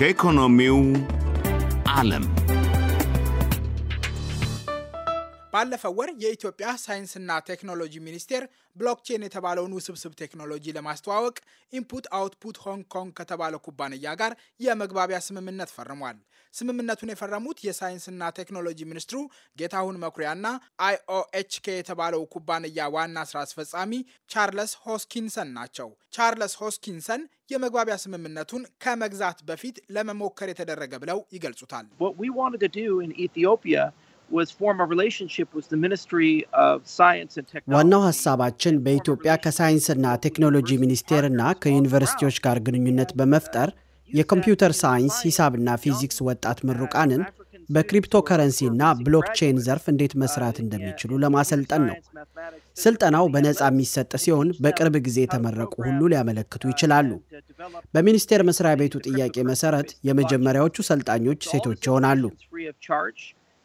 ከኢኮኖሚው ዓለም ባለፈው ወር የኢትዮጵያ ሳይንስና ቴክኖሎጂ ሚኒስቴር ብሎክቼን የተባለውን ውስብስብ ቴክኖሎጂ ለማስተዋወቅ ኢንፑት አውትፑት ሆንግ ኮንግ ከተባለ ኩባንያ ጋር የመግባቢያ ስምምነት ፈርሟል። ስምምነቱን የፈረሙት የሳይንስና ቴክኖሎጂ ሚኒስትሩ ጌታሁን መኩሪያና አይኦኤችኬ የተባለው ኩባንያ ዋና ስራ አስፈጻሚ ቻርለስ ሆስኪንሰን ናቸው። ቻርለስ ሆስኪንሰን የመግባቢያ ስምምነቱን ከመግዛት በፊት ለመሞከር የተደረገ ብለው ይገልጹታል። ዋናው ሀሳባችን በኢትዮጵያ ከሳይንስና ቴክኖሎጂ ሚኒስቴርና ከዩኒቨርሲቲዎች ጋር ግንኙነት በመፍጠር የኮምፒውተር ሳይንስ፣ ሂሳብና ፊዚክስ ወጣት ምሩቃንን በክሪፕቶከረንሲ ከረንሲና ብሎክቼን ዘርፍ እንዴት መስራት እንደሚችሉ ለማሰልጠን ነው። ስልጠናው በነፃ የሚሰጥ ሲሆን በቅርብ ጊዜ የተመረቁ ሁሉ ሊያመለክቱ ይችላሉ። በሚኒስቴር መስሪያ ቤቱ ጥያቄ መሰረት የመጀመሪያዎቹ ሰልጣኞች ሴቶች ይሆናሉ።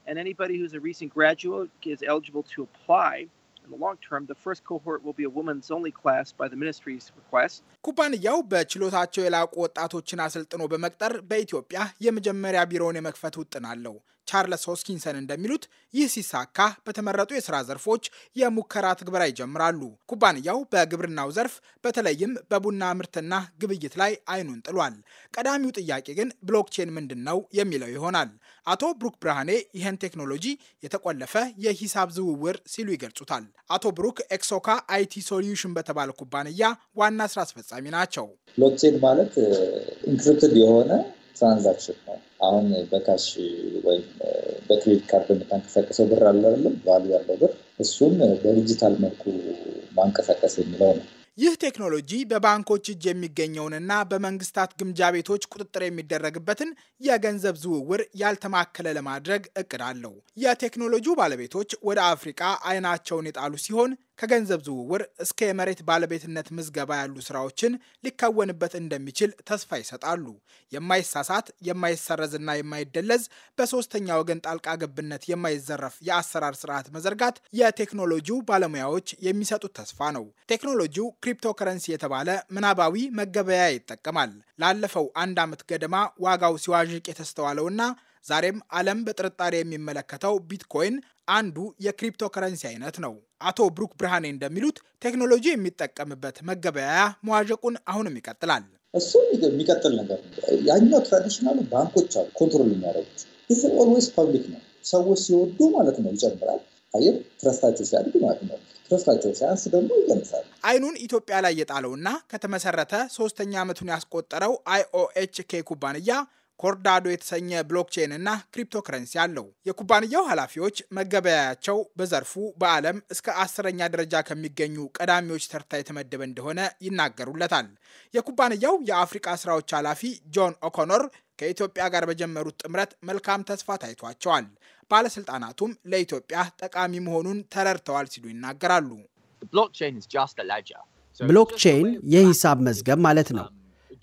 and anybody who's a recent graduate is eligible to apply. In the long term, the first cohort will be a women's only class by the ministry's request. ኩባንያው በችሎታቸው የላቁ ወጣቶችን አሰልጥኖ በመቅጠር በኢትዮጵያ የመጀመሪያ ቢሮውን የመክፈት ውጥን አለው። ቻርለስ ሆስኪንሰን እንደሚሉት ይህ ሲሳካ በተመረጡ የስራ ዘርፎች የሙከራ ትግበራ ይጀምራሉ። ኩባንያው በግብርናው ዘርፍ በተለይም በቡና ምርትና ግብይት ላይ አይኑን ጥሏል። ቀዳሚው ጥያቄ ግን ብሎክቼን ምንድን ነው የሚለው ይሆናል። አቶ ብሩክ ብርሃኔ ይህን ቴክኖሎጂ የተቆለፈ የሂሳብ ዝውውር ሲሉ ይገልጹታል። አቶ ብሩክ ኤክሶካ አይቲ ሶሉሽን በተባለ ኩባንያ ዋና ስራ አስፈጻሚ ናቸው። ብሎክቼን ማለት ኢንክሪፕትድ የሆነ ትራንዛክሽን ነው። አሁን በካሽ ወይም በክሬዲት ካርድ የምታንቀሳቀሰው ብር አለ አይደለም፣ ቫሉ ያለው ብር እሱም በዲጂታል መልኩ ማንቀሳቀስ የሚለው ነው። ይህ ቴክኖሎጂ በባንኮች እጅ የሚገኘውንና በመንግስታት ግምጃ ቤቶች ቁጥጥር የሚደረግበትን የገንዘብ ዝውውር ያልተማከለ ለማድረግ እቅድ አለው። የቴክኖሎጂው ባለቤቶች ወደ አፍሪቃ አይናቸውን የጣሉ ሲሆን ከገንዘብ ዝውውር እስከ የመሬት ባለቤትነት ምዝገባ ያሉ ስራዎችን ሊከወንበት እንደሚችል ተስፋ ይሰጣሉ። የማይሳሳት የማይሰረዝና የማይደለዝ በሶስተኛ ወገን ጣልቃ ገብነት የማይዘረፍ የአሰራር ስርዓት መዘርጋት የቴክኖሎጂው ባለሙያዎች የሚሰጡት ተስፋ ነው። ቴክኖሎጂው ክሪፕቶከረንሲ የተባለ ምናባዊ መገበያ ይጠቀማል። ላለፈው አንድ ዓመት ገደማ ዋጋው ሲዋዥቅ የተስተዋለውና ዛሬም ዓለም በጥርጣሬ የሚመለከተው ቢትኮይን አንዱ የክሪፕቶከረንሲ አይነት ነው። አቶ ብሩክ ብርሃኔ እንደሚሉት ቴክኖሎጂ የሚጠቀምበት መገበያያ መዋዠቁን አሁንም ይቀጥላል። እሱ የሚቀጥል ነገር ያኛው ትራዲሽናሉ ባንኮች አሉ ኮንትሮል የሚያደርጉት ይህ ኦልዌይስ ፐብሊክ ነው። ሰዎች ሲወዱ ማለት ነው ይጨምራል። አየህ ትረስታቸው ሲያድግ ማለት ነው ትረስታቸው ሲያንስ ደግሞ አይኑን ኢትዮጵያ ላይ የጣለውና ከተመሰረተ ሶስተኛ ዓመቱን ያስቆጠረው ኬ ኩባንያ ኮርዳዶ የተሰኘ ብሎክቼን እና ክሪፕቶከረንሲ አለው። የኩባንያው ኃላፊዎች መገበያያቸው በዘርፉ በዓለም እስከ አስረኛ ደረጃ ከሚገኙ ቀዳሚዎች ተርታ የተመደበ እንደሆነ ይናገሩለታል። የኩባንያው የአፍሪቃ ስራዎች ኃላፊ ጆን ኦኮኖር ከኢትዮጵያ ጋር በጀመሩት ጥምረት መልካም ተስፋ ታይቷቸዋል። ባለስልጣናቱም ለኢትዮጵያ ጠቃሚ መሆኑን ተረድተዋል ሲሉ ይናገራሉ። ብሎክቼን የሂሳብ መዝገብ ማለት ነው።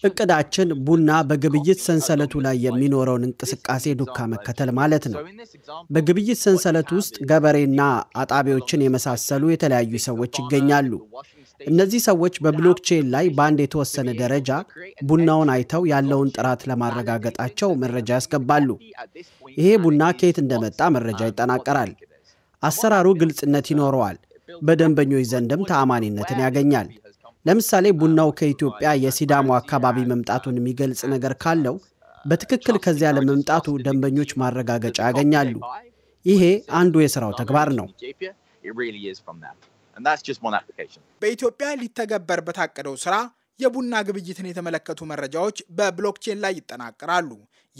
እቅዳችን ቡና በግብይት ሰንሰለቱ ላይ የሚኖረውን እንቅስቃሴ ዱካ መከተል ማለት ነው። በግብይት ሰንሰለት ውስጥ ገበሬና አጣቢዎችን የመሳሰሉ የተለያዩ ሰዎች ይገኛሉ። እነዚህ ሰዎች በብሎክቼን ላይ በአንድ የተወሰነ ደረጃ ቡናውን አይተው ያለውን ጥራት ለማረጋገጣቸው መረጃ ያስገባሉ። ይሄ ቡና ከየት እንደመጣ መረጃ ይጠናቀራል። አሰራሩ ግልጽነት ይኖረዋል። በደንበኞች ዘንድም ተአማኒነትን ያገኛል። ለምሳሌ ቡናው ከኢትዮጵያ የሲዳሞ አካባቢ መምጣቱን የሚገልጽ ነገር ካለው በትክክል ከዚያ ለመምጣቱ ደንበኞች ማረጋገጫ ያገኛሉ። ይሄ አንዱ የስራው ተግባር ነው። በኢትዮጵያ ሊተገበር በታቀደው ስራ የቡና ግብይትን የተመለከቱ መረጃዎች በብሎክቼን ላይ ይጠናቀራሉ።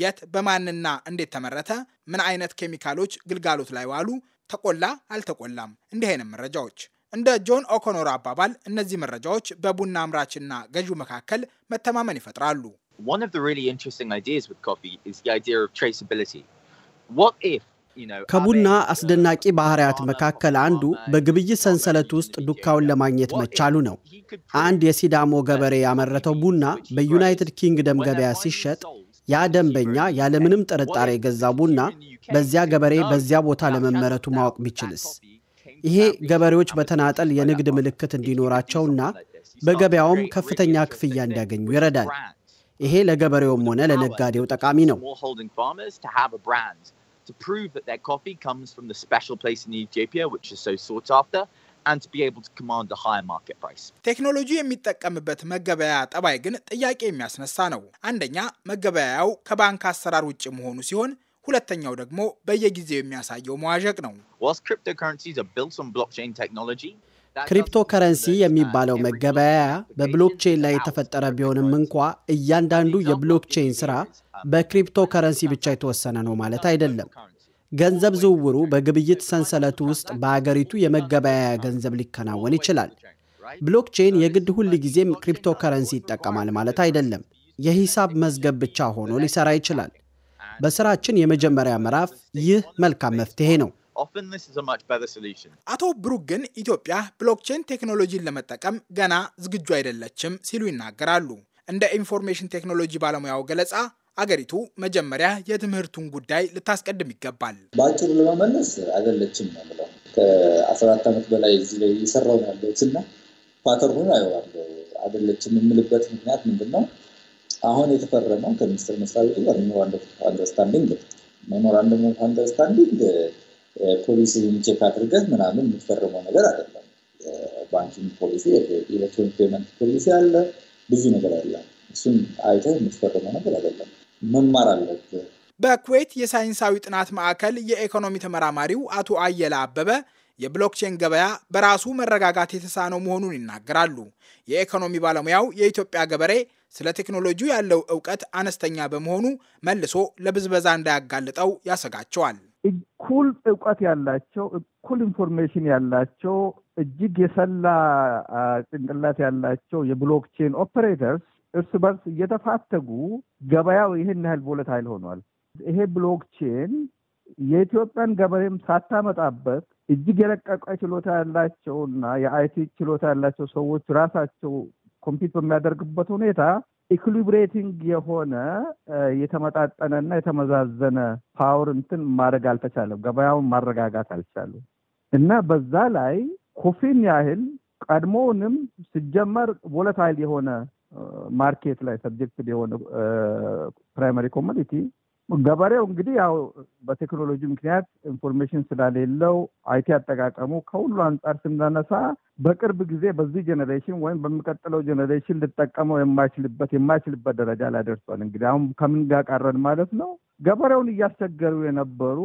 የት በማንና እንዴት ተመረተ፣ ምን አይነት ኬሚካሎች ግልጋሎት ላይ ዋሉ፣ ተቆላ አልተቆላም፣ እንዲህ አይነት መረጃዎች እንደ ጆን ኦኮኖር አባባል እነዚህ መረጃዎች በቡና አምራችና ገዢው መካከል መተማመን ይፈጥራሉ። ከቡና አስደናቂ ባህሪያት መካከል አንዱ በግብይት ሰንሰለት ውስጥ ዱካውን ለማግኘት መቻሉ ነው። አንድ የሲዳሞ ገበሬ ያመረተው ቡና በዩናይትድ ኪንግደም ገበያ ሲሸጥ ያ ደንበኛ ያለምንም ጥርጣሬ የገዛው ቡና በዚያ ገበሬ በዚያ ቦታ ለመመረቱ ማወቅ ቢችልስ? ይሄ ገበሬዎች በተናጠል የንግድ ምልክት እንዲኖራቸውና በገበያውም ከፍተኛ ክፍያ እንዲያገኙ ይረዳል። ይሄ ለገበሬውም ሆነ ለነጋዴው ጠቃሚ ነው። ቴክኖሎጂ የሚጠቀምበት መገበያያ ጠባይ ግን ጥያቄ የሚያስነሳ ነው። አንደኛ መገበያያው ከባንክ አሰራር ውጭ መሆኑ ሲሆን ሁለተኛው ደግሞ በየጊዜው የሚያሳየው መዋዠቅ ነው። ክሪፕቶ ከረንሲ የሚባለው መገበያያ በብሎክቼን ላይ የተፈጠረ ቢሆንም እንኳ እያንዳንዱ የብሎክቼን ስራ በክሪፕቶ ከረንሲ ብቻ የተወሰነ ነው ማለት አይደለም። ገንዘብ ዝውውሩ በግብይት ሰንሰለቱ ውስጥ በአገሪቱ የመገበያያ ገንዘብ ሊከናወን ይችላል። ብሎክቼን የግድ ሁል ጊዜም ክሪፕቶ ከረንሲ ይጠቀማል ማለት አይደለም። የሂሳብ መዝገብ ብቻ ሆኖ ሊሰራ ይችላል። በስራችን የመጀመሪያ ምዕራፍ ይህ መልካም መፍትሄ ነው። አቶ ብሩክ ግን ኢትዮጵያ ብሎክቼን ቴክኖሎጂን ለመጠቀም ገና ዝግጁ አይደለችም ሲሉ ይናገራሉ። እንደ ኢንፎርሜሽን ቴክኖሎጂ ባለሙያው ገለጻ አገሪቱ መጀመሪያ የትምህርቱን ጉዳይ ልታስቀድም ይገባል። በአጭሩ ለመመለስ አይደለችም ነው የምለው ከ14 ዓመት በላይ እዚህ ላይ እየሰራሁ ያለሁት እና ፓተርኑን አየዋለሁ። አይደለችም የምልበት ምክንያት ምንድን ነው? አሁን የተፈረመው ከሚኒስትር መስሪያ ቤቱ ጋር ሜሞራንደም አንደርስታንዲንግ ሜሞራንደም አንደርስታንዲንግ ፖሊሲ ቼክ አድርገህ ምናምን የምትፈርመው ነገር አይደለም። ባንኪንግ ፖሊሲ፣ ኤሌክትሮኒክ ፔመንት ፖሊሲ አለ፣ ብዙ ነገር አለ። እሱን አይተህ የምትፈርመው ነገር አይደለም። መማር አለብህ። በኩዌት የሳይንሳዊ ጥናት ማዕከል የኢኮኖሚ ተመራማሪው አቶ አየለ አበበ የብሎክቼን ገበያ በራሱ መረጋጋት የተሳነው መሆኑን ይናገራሉ። የኢኮኖሚ ባለሙያው የኢትዮጵያ ገበሬ ስለ ቴክኖሎጂው ያለው እውቀት አነስተኛ በመሆኑ መልሶ ለብዝበዛ እንዳያጋልጠው ያሰጋቸዋል። እኩል እውቀት ያላቸው እኩል ኢንፎርሜሽን ያላቸው እጅግ የሰላ ጭንቅላት ያላቸው የብሎክቼን ኦፐሬተርስ እርስ በርስ እየተፋተጉ ገበያው ይህን ያህል ቦለታይል ሆኗል። ይሄ ብሎክቼን የኢትዮጵያን ገበሬም ሳታመጣበት እጅግ የረቀቀ ችሎታ ያላቸውና የአይቲ ችሎታ ያላቸው ሰዎች ራሳቸው ኮምፒት በሚያደርግበት ሁኔታ ኢኩሊብሬቲንግ የሆነ የተመጣጠነና የተመዛዘነ ፓወር እንትን ማድረግ አልተቻለም። ገበያውን ማረጋጋት አልቻለም እና በዛ ላይ ኮፊን ያህል ቀድሞውንም ሲጀመር ቮለታይል የሆነ ማርኬት ላይ ሰብጀክት የሆነ ፕራይማሪ ኮሞዲቲ ገበሬው እንግዲህ ያው በቴክኖሎጂ ምክንያት ኢንፎርሜሽን ስለሌለው አይቲ አጠቃቀሙ ከሁሉ አንጻር ስናነሳ በቅርብ ጊዜ በዚህ ጀኔሬሽን ወይም በሚቀጥለው ጀኔሬሽን ልጠቀመው የማይችልበት የማይችልበት ደረጃ ላይ ደርሷል። እንግዲህ አሁን ከምን ጋር ቀረን ማለት ነው። ገበሬውን እያስቸገሩ የነበሩ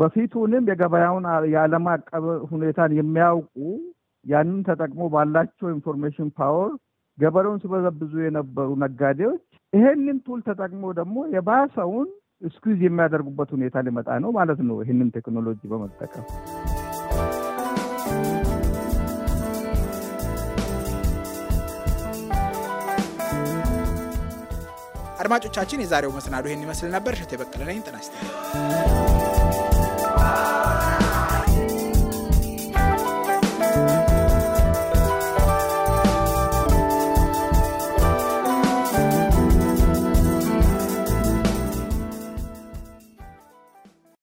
በፊቱንም የገበያውን የዓለም አቀፍ ሁኔታን የሚያውቁ ያንን ተጠቅሞ ባላቸው ኢንፎርሜሽን ፓወር ገበሬውን ሲበዘብዙ የነበሩ ነጋዴዎች ይሄንን ቱል ተጠቅሞ ደግሞ የባሰውን እስኪዝ የሚያደርጉበት ሁኔታ ሊመጣ ነው ማለት ነው። ይህንን ቴክኖሎጂ በመጠቀም አድማጮቻችን፣ የዛሬው መሰናዶ ይህን ይመስል ነበር። እሸቴ በቀለ ነኝ። ጤና ይስጥልኝ።